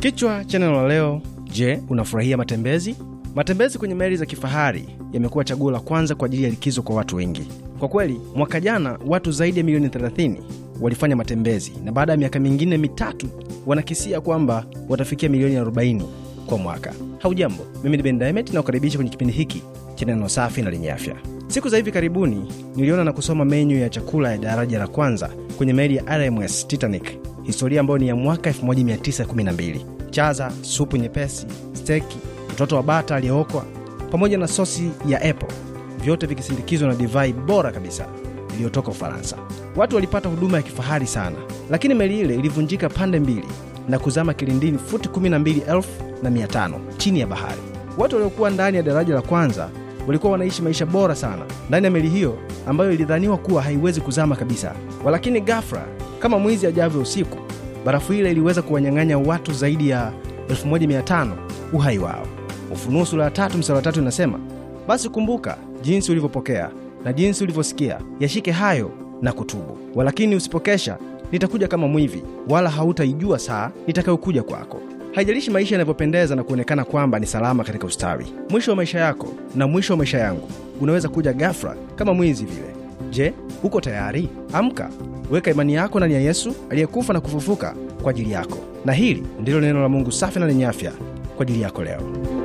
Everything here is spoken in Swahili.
Kichwa cha neno la leo: Je, unafurahia matembezi? Matembezi kwenye meli za kifahari yamekuwa chaguo la kwanza kwa ajili ya likizo kwa watu wengi. Kwa kweli, mwaka jana watu zaidi ya milioni 30 walifanya matembezi na baada ya miaka mingine mitatu wanakisia kwamba watafikia milioni 40 kwa mwaka. Haujambo, mimi ni Ben Diamond na kukaribisha kwenye kipindi hiki cha neno safi na lenye afya. Siku za hivi karibuni niliona na kusoma menyu ya chakula ya daraja la kwanza kwenye meli ya RMS Titanic historia ambayo ni ya mwaka 1912 chaza, supu nyepesi, steki, mtoto wa bata aliyeokwa pamoja na sosi ya apple vyote vikisindikizwa na divai bora kabisa iliyotoka Ufaransa. Watu walipata huduma ya kifahari sana, lakini meli ile ilivunjika pande mbili na kuzama kilindini futi 12,500 chini ya bahari. Watu waliokuwa ndani ya daraja la kwanza walikuwa wanaishi maisha bora sana ndani ya meli hiyo ambayo ilidhaniwa kuwa haiwezi kuzama kabisa, walakini gafra kama mwizi ajavyo usiku. Barafu ile iliweza kuwanyang'anya watu zaidi ya 1500 uhai wao. Ufunuo sura ya tatu mstari wa tatu inasema, basi kumbuka jinsi ulivyopokea na jinsi ulivyosikia, yashike hayo na kutubu. Walakini usipokesha, nitakuja kama mwivi, wala hautaijua saa nitakayokuja kwako. Haijalishi maisha yanavyopendeza na kuonekana kwamba ni salama katika ustawi, mwisho wa maisha yako na mwisho wa maisha yangu unaweza kuja ghafla kama mwizi vile. Je, uko tayari? Amka, Weka imani yako ndani ya Yesu aliyekufa na kufufuka kwa ajili yako, na hili ndilo neno la Mungu safi na lenye afya kwa ajili yako leo.